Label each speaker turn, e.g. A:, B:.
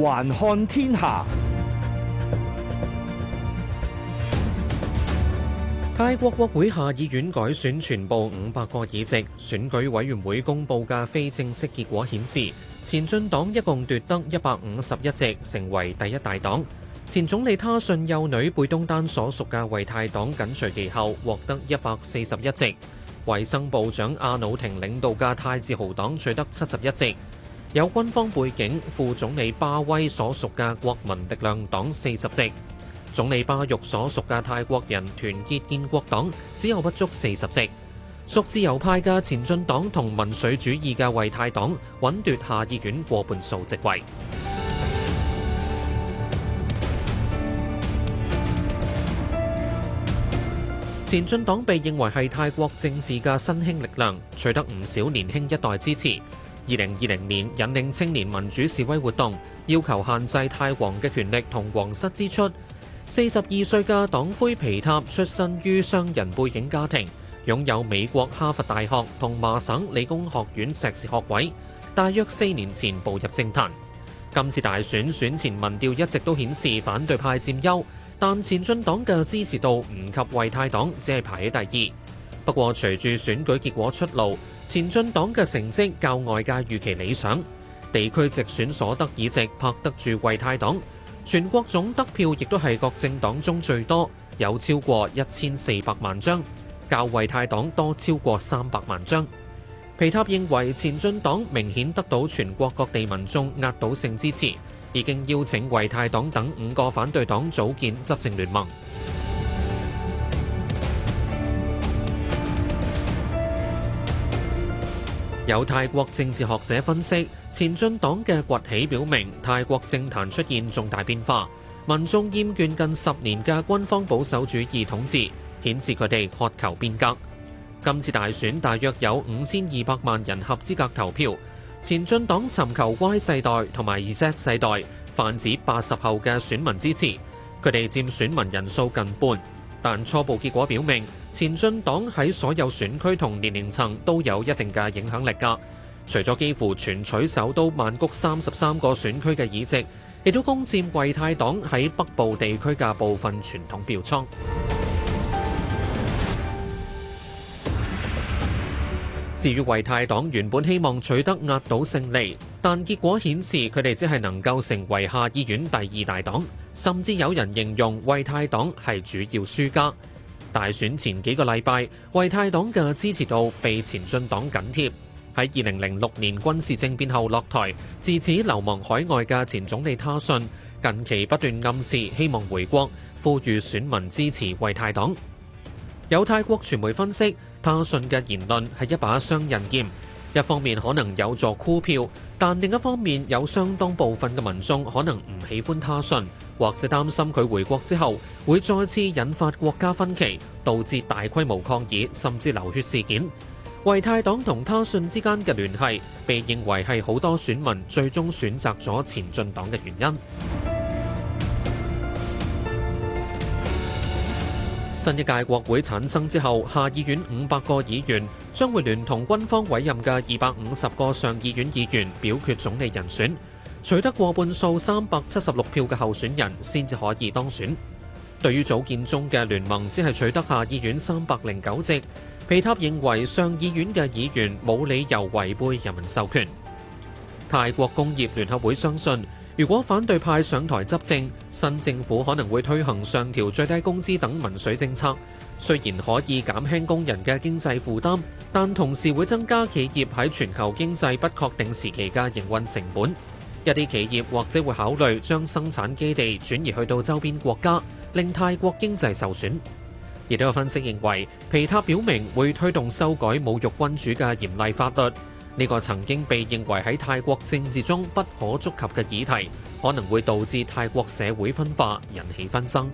A: 環看天下，泰國國會下議院改選全部五百個議席，選舉委員會公布嘅非正式結果顯示，前進黨一共奪得一百五十一席，成為第一大黨。前總理他信幼女貝東丹所屬嘅為泰黨緊隨其後，獲得一百四十一席。衛生部長阿努廷領導嘅泰自豪黨取得七十一席。有軍方背景副總理巴威所屬嘅國民力量黨四十席，總理巴育所屬嘅泰國人團結建國黨只有不足四十席，屬自由派嘅前進黨同民粹主義嘅為泰黨穩奪下議院過半數席位。 前進黨被認為係泰國政治嘅新興力量，取得唔少年輕一代支持。二零二零年引領青年民主示威活動，要求限制泰皇嘅權力同皇室支出。四十二歲嘅黨魁皮塔出身於商人背景家庭，擁有美國哈佛大學同麻省理工學院碩士學位。大約四年前步入政壇。今次大選選前民調一直都顯示反對派佔優，但前進黨嘅支持度唔及為泰黨，只係排喺第二。不過，隨住選舉結果出爐，前進黨嘅成績較外界預期理想，地區直選所得議席拍得住為泰黨，全國總得票亦都係各政黨中最多，有超過一千四百萬張，較為泰黨多超過三百萬張。皮塔認為前進黨明顯得到全國各地民眾壓倒性支持，已經邀請為泰黨等五個反對黨組建執政聯盟。有泰國政治學者分析，前進黨嘅崛起表明泰國政壇出現重大變化，民眾厭倦近十年嘅軍方保守主義統治，顯示佢哋渴求變革。今次大選大約有五千二百萬人合資格投票，前進黨尋求 Y 世代同埋 Z 世代泛指八十後嘅選民支持，佢哋佔選民人數近半，但初步結果表明，前進黨喺所有選區同年齡層都有一定嘅影響力㗎，除咗幾乎全取首都曼谷三十三個選區嘅議席，亦都攻佔為泰黨喺北部地區嘅部分傳統票倉。至於為泰黨原本希望取得壓倒勝利，但結果顯示佢哋只係能夠成為下議院第二大黨，甚至有人形容為泰黨係主要輸家。大選前幾個禮拜，為泰黨嘅支持度被前進黨緊貼。喺二零零六年軍事政變後落台，自此流亡海外嘅前總理他信，近期不斷暗示希望回國，呼籲選民支持為泰黨。有泰國傳媒分析，他信嘅言論係一把雙刃劍。一方面可能有助箍票，但另一方面有相當部分嘅民眾可能唔喜歡他信，或者擔心佢回國之後會再次引發國家分歧，導致大規模抗議甚至流血事件。為泰黨同他信之間嘅聯繫被認為係好多選民最終選擇咗前進黨嘅原因。新一屆國會產生之後，下議院五百個議員將會聯同軍方委任嘅二百五十個上議院議員表決總理人選，取得過半數三百七十六票嘅候選人先至可以當選。對於組建中嘅聯盟只係取得下議院三百零九席，皮塔認為上議院嘅議員冇理由違背人民授權。泰國工業聯合會相信。如果反對派上台執政，新政府可能會推行上調最低工資等民粹政策。雖然可以減輕工人嘅經濟負擔，但同時會增加企業喺全球經濟不確定時期嘅營運成本。一啲企業或者會考慮將生產基地轉移去到周邊國家，令泰國經濟受損。亦都有分析認為，皮塔表明會推動修改侮辱君主嘅嚴厲法律。呢個曾經被認為喺泰國政治中不可觸及嘅議題，可能會導致泰國社會分化，引起紛爭。